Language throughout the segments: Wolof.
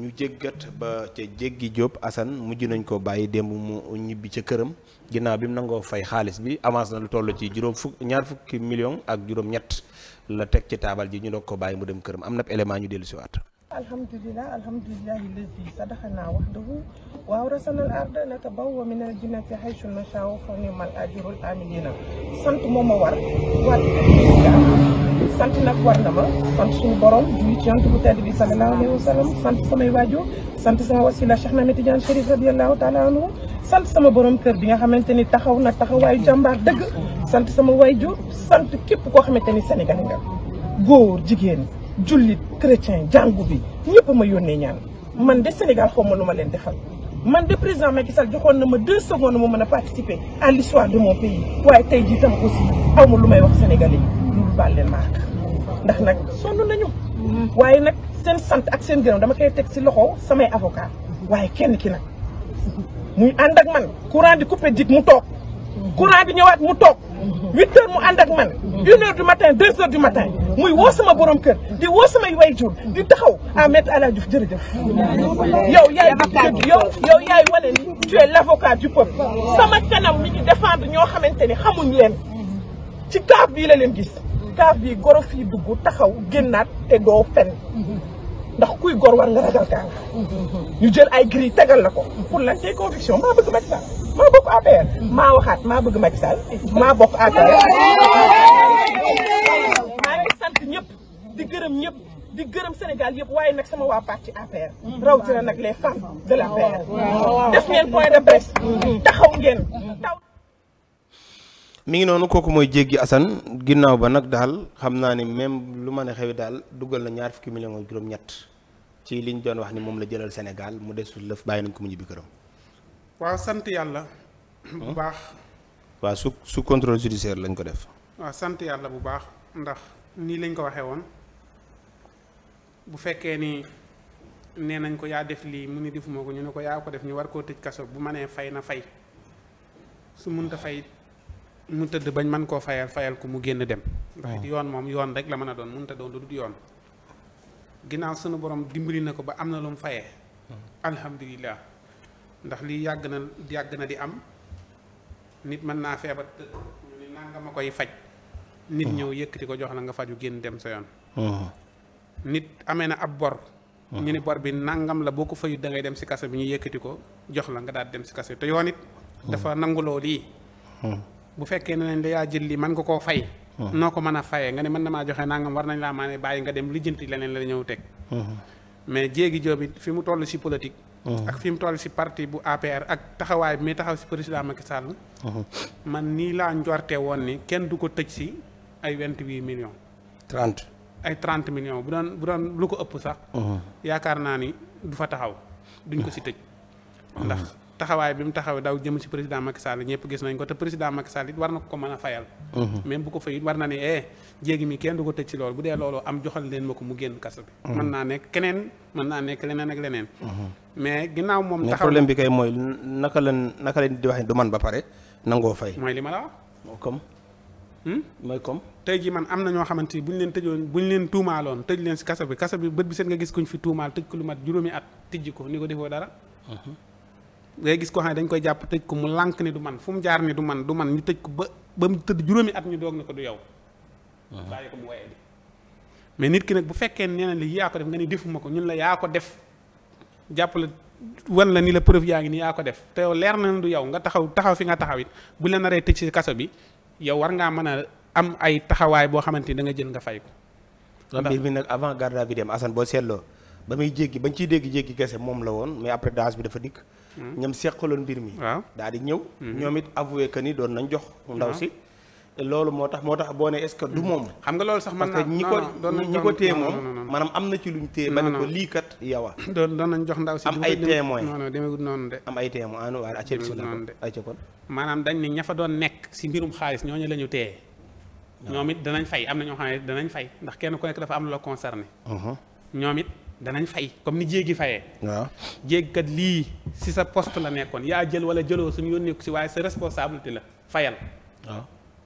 ñu jéggat ba ca jéggi Diop Assane mujj nañ ko bàyyi démb mu ñibbi ca këram ginnaaw bi mu nangoo fay xaalis bi avance na lu toll ci juróom fukk ñaar fukki million ak juróom ñett la teg ci taabal ji ñu doog ko bàyyi mu dem këram am na élément ñu dellu si waat alhamdulilah alhamdulilahi lazi sadaxanaa waxdahu wa awrasanal arda natabawwa minal jinnati haysu nashaa'u fa ni'mal ajrul aamiliina sant moo ma war waat sant nag war na ma sant suñu borom du jant bu tedd bi sallallahu alayhi wa sallam sant samay waajur sant sama wasila Cheikh Ahmed Tidiane Chérif radiyallahu taala anhu sant sama borom kër bi nga xamante ni taxaw na taxawaayu jàmbaar dëgg sant sama waajur sant képp koo xamante ni Sénégal jigéen jullit chrétien jàngu bi ñëpp ma yónnee ñaan man de Sénégal xaw ma lu ma leen defal man de président Macky Sall joxoon na ma deux secondes mu mën a participer à l'histoire de mon pays waaye tey jii tam aussi aw lu may wax sénégalais yi loolu baal leen maak ndax nag sonn nañu. waaye nag seen sant ak seen gërëm dama koy teg si loxo samay avocat waaye kenn ki nag muy ànd ak man courant di coupé dik mu toog courant di ñëwaat mu toog huit heures mu ànd ak man une heure du matin deux heures du matin muy woo sama borom kër di woo samay wayjur di taxaw à ah, maître El Hadj Diouf jërëjëf yow yaay yow yow yaay wane ni tu es l'avocat du peuple sama kanam mi ngi défendre ñoo xamante ni xamuñ leen ci kaaf bii la leen gis kaaf bii goro fii dugg taxaw génnaat te doo fen ndax kuy góor war nga ragal kaa ñu jël ay gris tegal la ko pour lan tey conviction maa bëgg Macky maa bokk APR maa waxaat maa bëgg Macky maa bokk APR maa ngi sant ñëpp di gërëm ñëpp di gërëm Sénégal yëpp ngi noonu kooku mooy jéggi Assane ginnaaw ba nag daal xam naa ni même lu ma ne xewi daal duggal na ñaar fukki million juróom-ñett ci ñu doon wax ni moom la jëlal Sénégal mu desul lëf bàyyi nañ ko mu ñibbi këram. waaw sant yàlla. bu baax. waa su su contrôle judiciaire lañ ko def. waaw sant yàlla bu baax ndax nii lañ ko waxee woon bu fekkee ni nee nañ ko yaa def lii mu ni defuma ko ñu ne ko yaa ko def ñu war koo tëj kaso bu ma nee fay na fay su mënta fay mu tëdd bañ mën koo fayal fayal ko mu génn dem. ndax oh. yoon moom yoon rek la mën a doon mënta doon lu dul yoon. ginnaaw sunu borom dimbali na ko ba am na lu mu fayee. alhamdulilah ndax lii yàgg na yàgg na di am nit mën naa feebar te ñu ne nanga ma koy faj. nit oh. ñëw yëkkati ko jox la nga faju génn dem sa yoon. Oh. nit amee na ab bor. Oh. ñu ne bor bi nangam la boo ko fayu dangay dem si kase bi ñu yëkkati ko jox la nga daal dem si kase te yoon it. dafa nanguloo lii. bu fekkee ne nañ da yaa jël lii man nga koo fay. Uh-huh. noo ko mën a fayee nga ne mën na maa joxe nangam war nañ laa maa ne bàyyi nga dem lijjanti leneen la teg uh-huh. mais jéegi joobi fi mu toll si politique uh-huh. ak fi mu toll si parti bu APR ak taxawaay bi muy taxaw si président Macky Sall man nii laa njorte woon ni kenn du ko tëj si ay vingt-huit millions trente ay trente million bu doon bu doon lu ko ëpp sax yaakaar naa ni du fa taxaw duñ ko si tëj ndax taxawaay bi mu taxaw daw jëm ci président Macky Sall ñëpp gis nañ ko te président Macky Sall war na ko ko mën a fayal. Mhm. même bu ko fayit war na ne eh jéegi mi kenn du ko tëj ci loolu bu dee loolu am joxal leen ma ko mu génn kaso bi. Mhm. mën naa nekk keneen mën naa nekk leneen ak leneen. Mhm. mais ginnaaw moom. taxaw problème bi kay mooy naka leen naka di wax du man ba pare nangoo fay. mooy li ma la wax. comme. Hmm? mooy comme. tey jii man am na ñoo xamante ni bu ñu leen tëjoon bu ñu leen tuumaaloon tëj leen ci kaso bi kaso bi bët bi seen nga gis kuñ fi tuumaal tëj ko lu mat ko ni ko ngay gis koo xam ne dañ koy jàpp tëj ko mu lànk ne du man fu mu jaar ne du man du man ñu tëj ko ba ba mu tëdd juróomi at ñu doog ne ko du yow. bàyyi ko mais nit ki nag bu fekkee nee na li yaa ko def nga ni defuma ko ñun la yaa ko def jàpp la wan la ni la preuve yaa ngi ni yaa ko def te yow leer na ne du yow nga taxaw taxaw fi nga taxaw bu la naree tëj ci kaso bi yow war ngaa mën a am ay taxawaay boo xamante ni danga nga jël nga fay ko. mbir bi nag avant garde à vue dem Assane boo seetloo ba muy jéggi bañ ciy dégg jéggi kese moom la woon mais après daas bi dafa dikk. ñam seqaloon mbir mi. waaw daal di ñëw. Mhm. ñoom it avoué que ni doon nañ jox. ndaw si loolu moo tax moo tax boo ne est-ce que du mhm. moom. xam nga loolu sax man parce que ñi ko ñi ko maanaam am na ci luñ téye. ba ne ko lii kat yow doon doon nañ jox ndaw si. am ay témoin non non demeewul noonu am ay témoin ah non waaye acca bisimilah acca maanaam dañ ne ña fa doon nekk si mbirum xaalis ñooñu la ñu téye. ñoom it danañ fay am na ñoo xam danañ fay ndax kenn ku nekk dafa am loo concerné. Uh-huh. ñoom it danañ fay comme ni jéegi fayee. waaw jéeg kat lii si sa poste la nekkoon yaa jël wala jëloo suñu yoon nekku si waaye sa responsabilité la fayal. waaw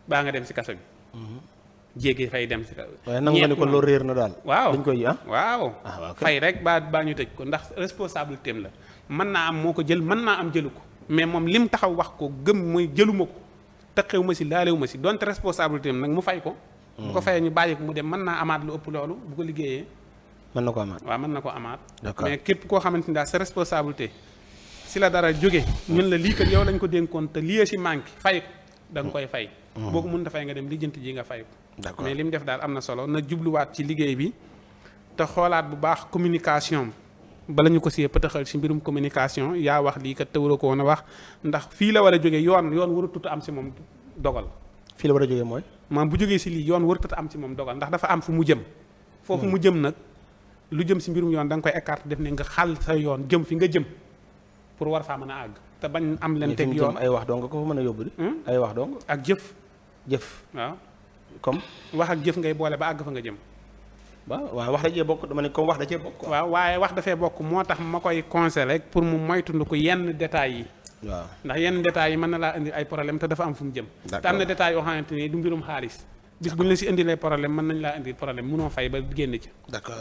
baa nga dem si kaso bi. Mhm. jéegi fay dem si kaso bi. waaye nangu nga loolu réer na daal. waaw dañ koy ah. waaw ah, fay rek baa baa ñu tëj ko ndax responsabilité la mën naa am moo ko jël mën naa am jëlu ko mais moom li mu taxaw wax ko gëm muy jëluma ko. taqeewu ma si laalewu ma si donte responsabilité am nag mu fay ko. bu ko mm. fayee ñu bàyyi ko mu dem mën naa amaat lu ëpp loolu bu ko liggéeyee. mën na ko amaat waaw mën na ko amaat mais képp koo xamante ni daal sa responsabilité si la dara jóge ñun la lii kat yow lañ ko dénkoon te lii si manque fay ko da koy fay mm-hmm. boo ko mun da nga dem lijjanti ji nga fay ko mais li mu def daal am na solo na jubluwaat ci liggéey bi te xoolaat bu baax communication bala ñu ko see pëtaxal ci mbirum communication yaa wax lii kat te war ko woon wax ndax fii la war a jógee yoon yoon warutut am si moom dogal. fii la war a jógee mooy. maanaam bu jógee ci lii yoon warutut am ci moom dogal ndax dafa am fu mu jëm. foofu mu jëm nag lu jëm si mbirum yoon da nga koy écarté def ne nga xàll sa yoon jëm fi nga jëm pour war faa mën a àgg te bañ am leen teg yoon ay wax dong ko fa mën a yóbbu hmm? ay wax dong ak jëf jëf waaw comme wax ak jëf ngay boole ba fa nga jëm waaw waaw wax da cee bokk dama ne comme wax da cee bokk waaye wax dafee bokk moo tax ma koy conseillé rek pour mu moytundu ko yenn détails yi waaw ndax yenn détails yi mën na laa indi ay problème te dafa am fu mu jëm te am na détails yoo xamante ni du mbirum xaalis bis bu ñu la si indilee problème mën nañ laa indi problème munoo fay ba génn ci.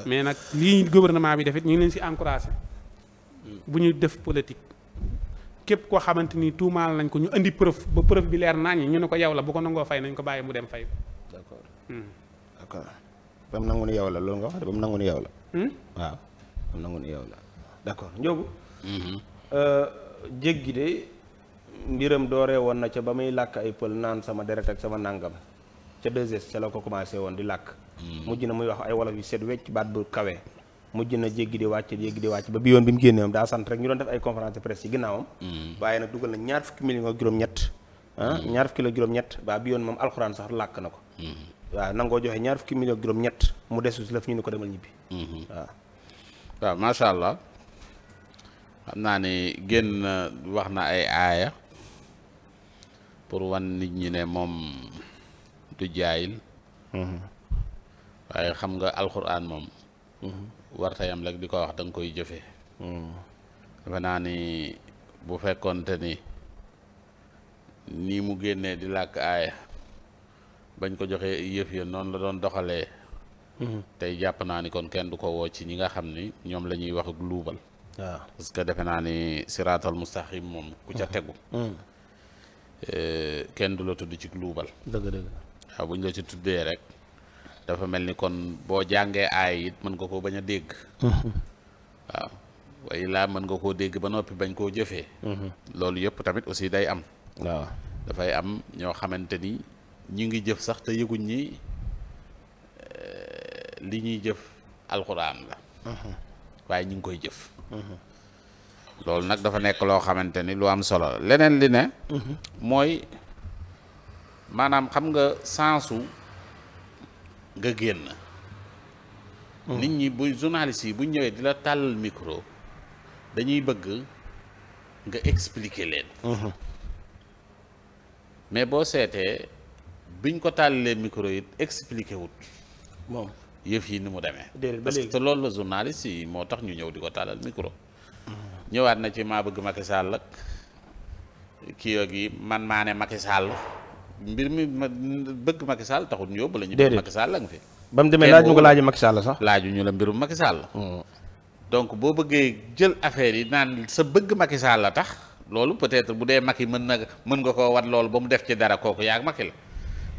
mais nag lii guvernement bi def it ñu ngi leen si encouragé. Mm. bu ñu def politik képp koo xamante ni tuumaal nañ ko ñu indi preuve ba preuve bi leer naa ñi ñu ne ko yow la bu ko nangoo fay nañ ko bàyyi mu dem fay. d'accord mm. d'accord ba mu nangu ni yow la loolu nga wax de ba mu nangu ni yow la. Hmm? waaw ba mu nangu ni yow la d'accord Ndiogou. Mm-hmm. Euh, jéggi de mbiram dooree woon na ca ba muy làkk ay pël naan sama deret ak sama nàngam ca 2S ca la ko commencé woon di làkk mm-hmm. mujj na muy wax ay wolof yu set wecc baat bu kawe mujj na jéggi di wàcc jéggi di wàcc ba bi yoon bi mu génnee moom daa sant rek ñu doon def ay conférence de presse yi ginnaawam mm-hmm. waaye nag dugal na ñaar fukki million juróom-ñett ah, mm-hmm. ñaar fukki la juróom-ñett baa bi yoon moom alxuraan sax làkk na ko waaw nangoo joxe ñaar fukki million ak juróom-ñett mu desu si la fi ñu ni ko demal ñibbi waaw waaw macha allah xam naa ne génn wax na ay aaya wan nit ñi ne moom du jaayil mhm. waaye xam nga alxuraan moom mhm. warta yam rek di ko wax danga koy jëfe mhm. dafa naa ni bu fekkoonte ni nii mu génnee di làkk aaya bañ ko joxee yëf ya noonu la doon doxalee tey jàpp naa ni kon kenn du ko woo ci ñi nga xam ni ñoom la ñuy wax ak luubal waaw parce que defe naa ni siraatal mustaqim moom ku ca tegu eh, kenn du la tudd ci luubal waaw bu ñu la ci tuddee rek dafa mel ni kon boo jàngee aay it mën nga koo bañ a dégg waaw way laa mën nga koo dégg ba noppi bañ koo jëfee loolu yëpp tamit aussi day am waaw dafay am ñoo xamante ni ñu ngi jëf sax te yëguñ eh, li ñuy jëf alxuraan la waaye ñu ngi koy jëf loolu nag dafa nekk loo xamante ni lu am solo leneen li ne mhm. mooy maanaam xam nga sensu nga génn. Hmm. nit ñi buy journaliste yi bu ñëwee di la tàllal micro dañuy bëgg nga expliquer leen. Hmm. mais boo seetee biñ ko tàllalee micro it expliquer wut. moom yëf yi ni mu demee. parce que loolu la journaliste yi moo tax ñu ñëw di ko tàllal micro. Hmm. ñëwaat na ci maa bëgg Macky Sall ak kii ak yi man maa ne Macky Sall mbir mi ma bëgg Macky Sall taxut ñu yóbbu la ñu. déedéet Macky Sall la nga ba mu demee laaj mu ko laajee Macky Sall sax. laaju ñu la mbirum Macky Sall. Hmm. donc boo bëggee jël affaire yi naan sa bëgg Macky Sall la tax loolu peut-être bu dee Macky mën na mën nga koo wat ba mu def ci dara kooku yaag Macky la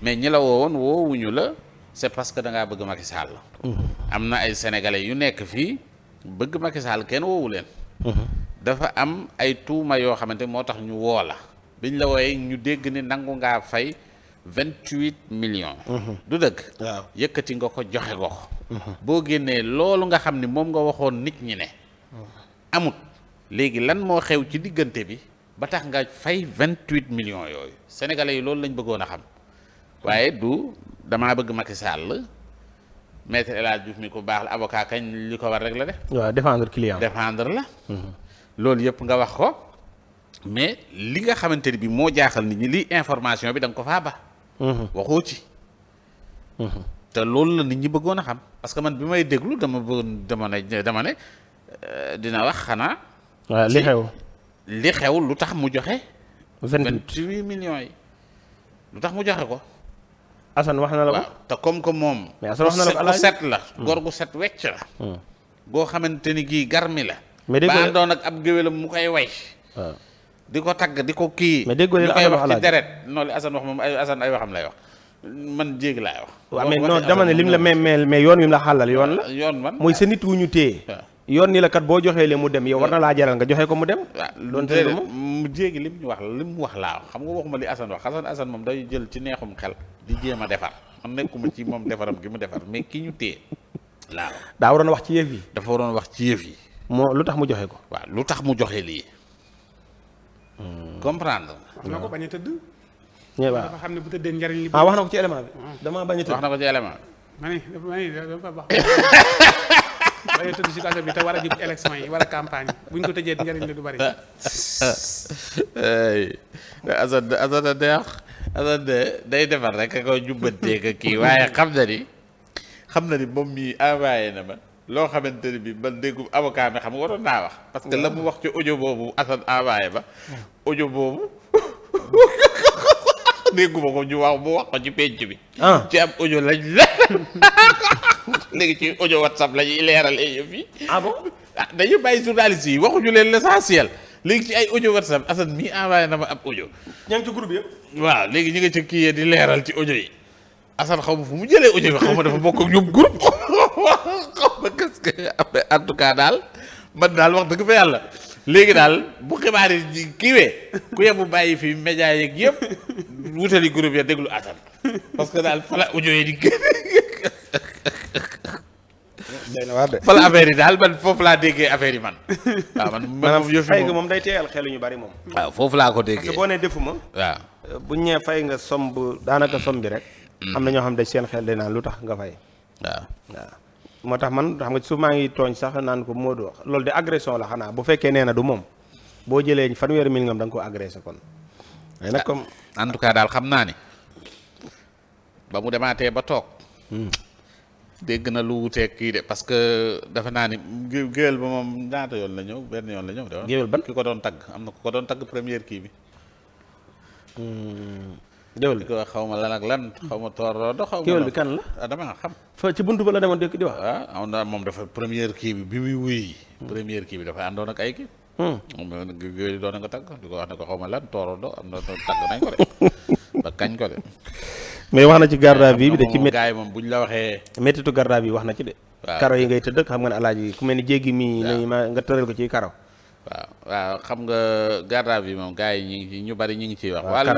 mais ñi la woowoon woowuñu la c'est parce que da bëgg Macky Sall la. Hmm. am na ay sénégalais yu nekk fii bëgg Macky Sall kenn woowu leen. Hmm. dafa am ay tuuma yoo xamante moo tax ñu woo la biñ la wooyee ñu dégg ne nangu ngaa fay vingt-huit million mhm. du dëgg yëkkati nga ko joxe ko mhm. boo génnee loolu nga xam ne moom nga waxoon nit ñi ne mhm. amut léegi lan moo xew ci diggante bi ba tax nga fay vingt-huit millions yooyu sénégalais yi loolu lañ bëggoon a xam waaye du damaa bëgg Macky Sall maître El Hadj Diouf mi ko baax la avocat kañ li ko war rek la de waaw défendre client défendre la loolu yëpp nga wax ko mais li nga xamante ni bi moo jaaxal nit ñi lii information bi danga ko faa ba mhm. waxoo ci mhm. te loolu la nit ñi bëggoon a xam parce que man bi may déglu dama bëggoon dama ne dama ne euh, dina wax xanaa waaw li xew li xew lu tax mu joxe vingt-huit millions yi lu tax mu joxe ko Assane wax na la ko te comme que moom ku set la mhm. góor gu set wecc la goo xamante ni gii garmi la mais dégg nga doon ak ab géwélam mu koy way di ko tagg di ko kii. mais déggoo leen koy wax ci deret noonu li Assane wax moom ay Assane ay waxam lay wax man jéeg laay wax. waaw mais non dama ne lim la mais mais yoon wi mu la yoon la. yoon man mooy sa wu ñu téye. yoon ni la kat boo joxee lee mu dem yow war na laa jaral nga joxe ko mu dem. doon mu jéegi lim ñu wax lim mu wax laa xam nga waxuma li Assane wax Assane Assane moom day jël ci neexum xel. di jéem a defar man nekkuma ci moom defaram gi mu defar mais ki ñu téye laa daa waroon wax ci yëf yi. dafa waroon wax ci yëf yi. moo lu tax mu joxe ko. waaw lu tax mu joxe lii. comprendre. wax na ko bañ a tëdd. dafa xam ne bu tëddee njariñ li. ah wax na ko ci élément bi. damaa bañ tëdd wax na ko ci élément bi. ma tëdd si kaso bi te war a jub élection yi war a campagne buñ ko tëjee njariñ li du bari. asad asad deex day defar rek ka ko jubbantee ka kii waaye xam na ni xam na ni moom mii envoyé na ma. loo xamante ne bi ba déggu avocat xam xam waroon naa wax parce que la mu wax ci ojo boobu Assane envoyé ba audio boobu dégguma ko ñu wax mu wax ko ci penc bi ah. ci am audio lañ la léegi ci audio whatsapp la ñuy leeral ay yëf yi ah, ah dañu bàyyi journaliste yi waxuñu leen l'essentiel léegi ci ay audio whatsapp Assane mii envoyé na ma ab ojo ña ngi ci groupe yëpp waaw léegi ñu ngi ci kii yee di leeral ci ojo yi Assane xaw ma fu mu jëlee audio bi xaw ma dafa bokk ak ñoom groupe xaw ma qu'est-ce que en tout cas daal man daal wax dëgg fa yàlla léegi daal bu xibaar yi kiiwee ku yemu bàyyi fi média yeeg yëpp wutali groupe ya déglu Assane parce que daal fala audio yi di génn fala affaire yi daal man foofu laa déggee affaire yi man waaw man maanaam yëf fay moom day teeyal xelu ñu bari moom waaw foofu laa ko déggee parce que boo nee defuma waaw bu ñëwee fay nga somb daanaka somb bi rek Mhm. am na ñoo xam ne seen xel day naan lu tax nga fay. waaw waaw. moo tax man xam nga su maa ngi tooñ sax naan ko moo Modou loolu de agression la xanaa bu fekkee nee na du moom boo jëlee fanweeri million da nga ko agressé kon. mais nag comme ah. en tout cas daal xam naa ni ba mu demaatee ba toog. Hmm. dégg na lu wuteeg kii de parce que dafa naa ni géwél ba moom ñaata yoon la ñëw benn yoon la ñëw. géwél ban ki ko doon tagg am na ku ko doon tagg première kii bi. Hmm. géwél bi ko xaw ma lan ak lan xaw ma toor xaw ma géwél bi kan la ah dama xam fa ci bunt ba la demoon di wax ah am moom dafa première kii bi bi muy wuy hmm. première kii bi dafa àndoon ak ay kii hmm. moom géwél yi na ko tàgg di ko wax ne ko xaw ma lan toorodo am na tàgg nañ ko de ba kañ ko de mais wax na ci garda bi bi de ci métti gaay moom buñ la waxee méttitu garda bi wax na ci de karo yi ngay tëdd xam nga ne alaaji ku mel ni jéggi mii nga tëral ko ci karo waaw waaw xam nga garde à vue moom gars yi ñu ñu bari ñu ngi ci wax. waaw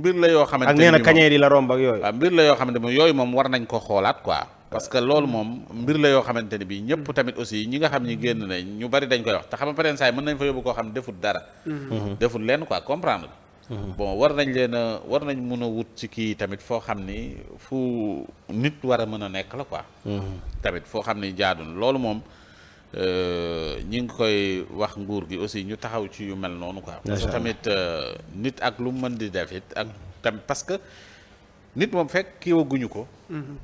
mbir la yoo xamante ne ak nee na kañeer yi la romb ak yooyu. waaw mbir la yoo xamante ne yooyu moom war nañ ko xoolaat quoi. parce que loolu moom mbir la yoo xamante ne bii ñëpp tamit aussi ñi nga xam ñi génn nañ ñu bari dañ koy wax te xam nga pareen saa mën nañ fa yóbbu koo xam defut dara. Mhm. defut leen quoi comprendre. Mhm. bon war nañ leen a war nañ mën a wut ci kii tamit foo xam ni fu nit war a mën a nekk la quoi. Mhm. tamit foo xam ni jaadun loolu moom. ñu ngi koy wax nguur gi aussi ñu taxaw ci yu mel noonu quoi. parce que tamit euh, nit ak lu mu mën di def it ak tam parce que nit moom fekk kii waguñu ko. Mhm.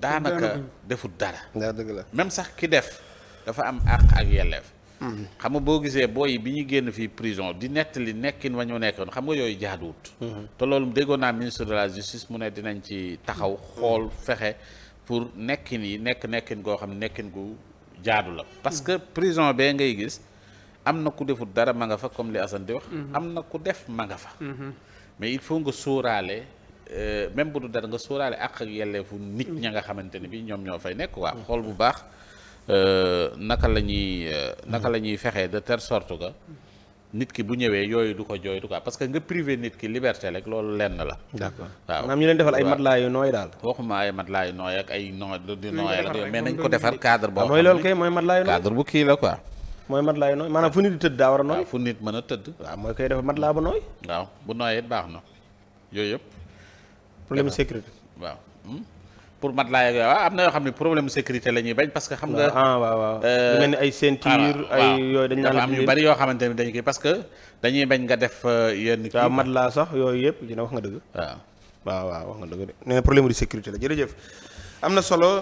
daanaka defut dara. dëgg la même sax ki def dafa am àq ak yelleef. Mhm. xam nga boo gisee booy bi ñu génn fii prison di nettali nekkin wa ñu nekkoon xam nga yooyu jaaduwut. Mhm. te loolu déggoon naa ministre de la justice mu ne dinañ ci taxaw xool fexe pour nekkin yi nekk nekkin koo xam nekkin gu. jaadu la parce que prison bee ngay gis am na ku defu dara ma nga fa comme li Assane di wax mhm. am na ku def ma nga fa mhm. mais il faut nga sóoraale euh, même bu du dara nga sóoraale ak ak yelleefu nit ña nga xamante ne bi ñoom ñoo fay nekk waa mhm. xool bu baax euh, naka la ñuy euh, naka la ñuy fexee de telle sorte ka nit ki bu ñëwee yooyu du ko jooytu quoi parce que nga privé nit ki liberté rek loolu lenn la. d'accord waaw maanaam ñu leen defal ay matelas yu nooy daal. waxuma ay ay nooy di ko defar cadre boo. Ah, mooy loolu kay mooy matelas yu nooy cadre bu kii la quoi. mooy matelas yu nooy maanaam fu nit di tëdd daa war a nooy. waaw fu nit mën a tëdd. waaw ah, mooy koy defar laa bu nooy. waaw bu nooyee baax na yooyu yëpp. problème sécurité waaw. Hmm? pour matelas yeeg waaw am na yoo xam ne problème sécurité la ñuy bañ parce que xam nga. ah waaw waaw euh, lu ni ay ceinture. ay yooyu dañ naan am yu bari yoo xamante ne dañ koy parce que dañuy bañ nga def euh, yenn. kii waaw laa sax yooyu yëpp dina wax nga dëgg. waaw waaw wax nga dëgg de nee na problème de sécurité la jërëjëf. am na solo